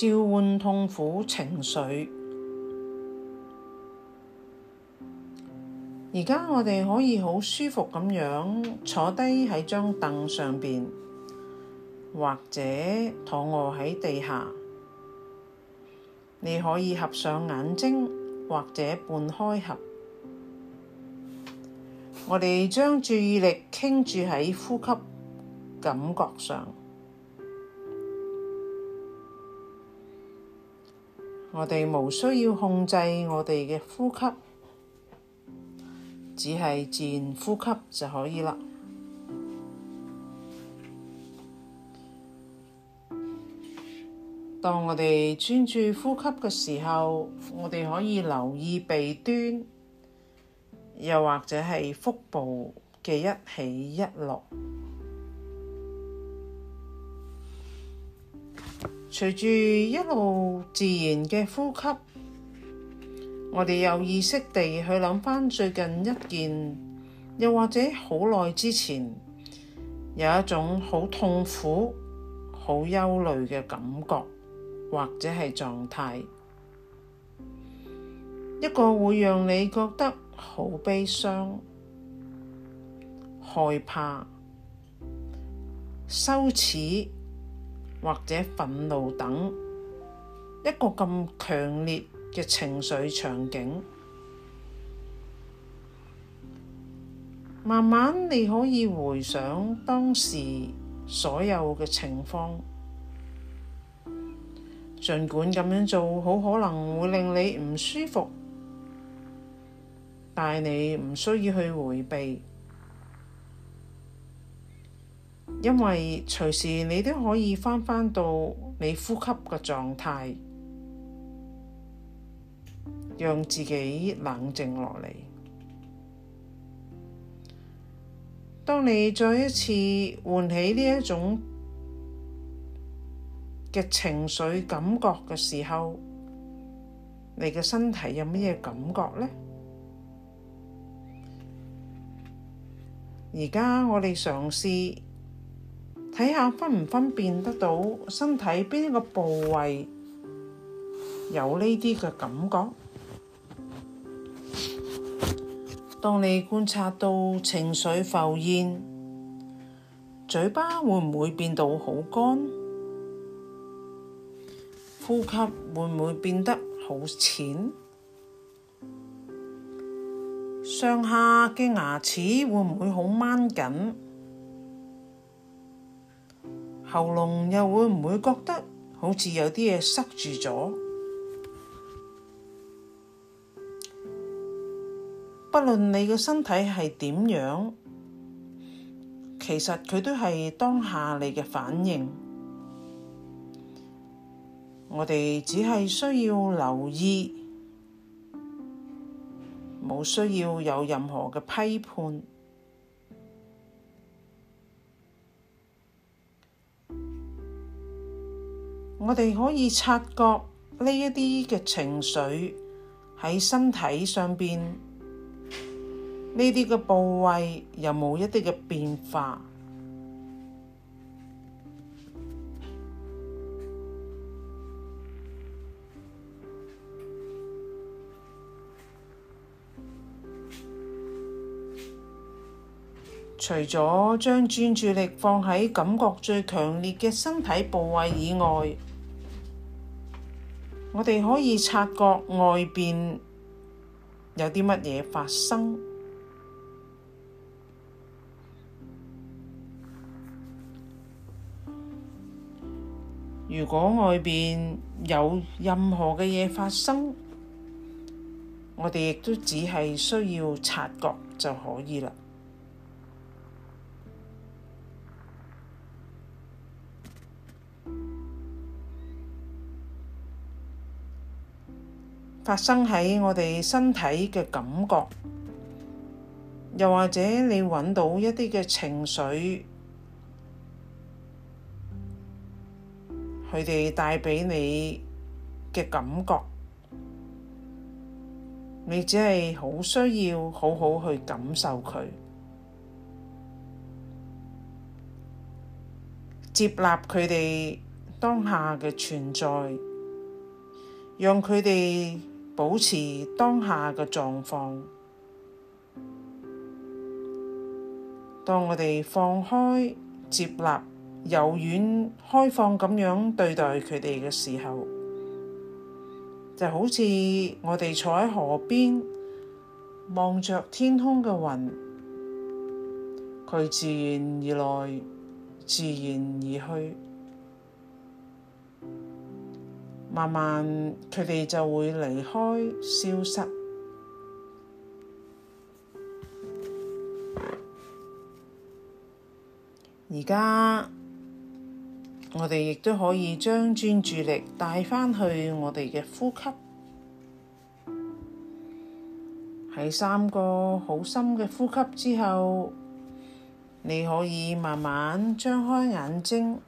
召喚痛苦情緒。而家我哋可以好舒服咁樣坐低喺張凳上邊，或者躺臥喺地下。你可以合上眼睛，或者半開合。我哋將注意力傾注喺呼吸感覺上。我哋無需要控制我哋嘅呼吸，只係自然呼吸就可以啦。當我哋專注呼吸嘅時候，我哋可以留意鼻端，又或者係腹部嘅一起一落。隨住一路自然嘅呼吸，我哋有意識地去諗返最近一件，又或者好耐之前，有一種好痛苦、好憂慮嘅感覺，或者係狀態，一個會讓你覺得好悲傷、害怕、羞恥，或者憤怒等一個咁強烈嘅情緒場景，慢慢你可以回想當時所有嘅情況。儘管咁樣做，好可能會令你唔舒服，但你唔需要去迴避。因為隨時你都可以翻返到你呼吸嘅狀態，讓自己冷靜落嚟。當你再一次喚起呢一種嘅情緒感覺嘅時候，你嘅身體有咩嘢感覺呢？而家我哋嘗試。睇下分唔分辨得到身體邊一個部位有呢啲嘅感覺。當你觀察到情緒浮現，嘴巴會唔會變到好乾？呼吸會唔會變得好淺？上下嘅牙齒會唔會好掹緊？喉嚨又會唔會覺得好似有啲嘢塞住咗？不論你嘅身體係點樣，其實佢都係當下你嘅反應。我哋只係需要留意，冇需要有任何嘅批判。我哋可以察覺呢一啲嘅情緒喺身體上邊，呢啲嘅部位有冇一啲嘅變化？除咗將專注力放喺感覺最強烈嘅身體部位以外，我哋可以察覺外邊有啲乜嘢發生。如果外邊有任何嘅嘢發生，我哋亦都只係需要察覺就可以啦。發生喺我哋身體嘅感覺，又或者你揾到一啲嘅情緒，佢哋帶畀你嘅感覺，你只係好需要好好去感受佢，接納佢哋當下嘅存在，讓佢哋，保持當下嘅狀況，當我哋放開接納、柔軟、開放咁樣對待佢哋嘅時候，就好似我哋坐喺河邊望住天空嘅雲，佢自然而來，自然而去。慢慢佢哋就會離開、消失。而家我哋亦都可以將專注力帶返去我哋嘅呼吸，喺三個好深嘅呼吸之後，你可以慢慢張開眼睛。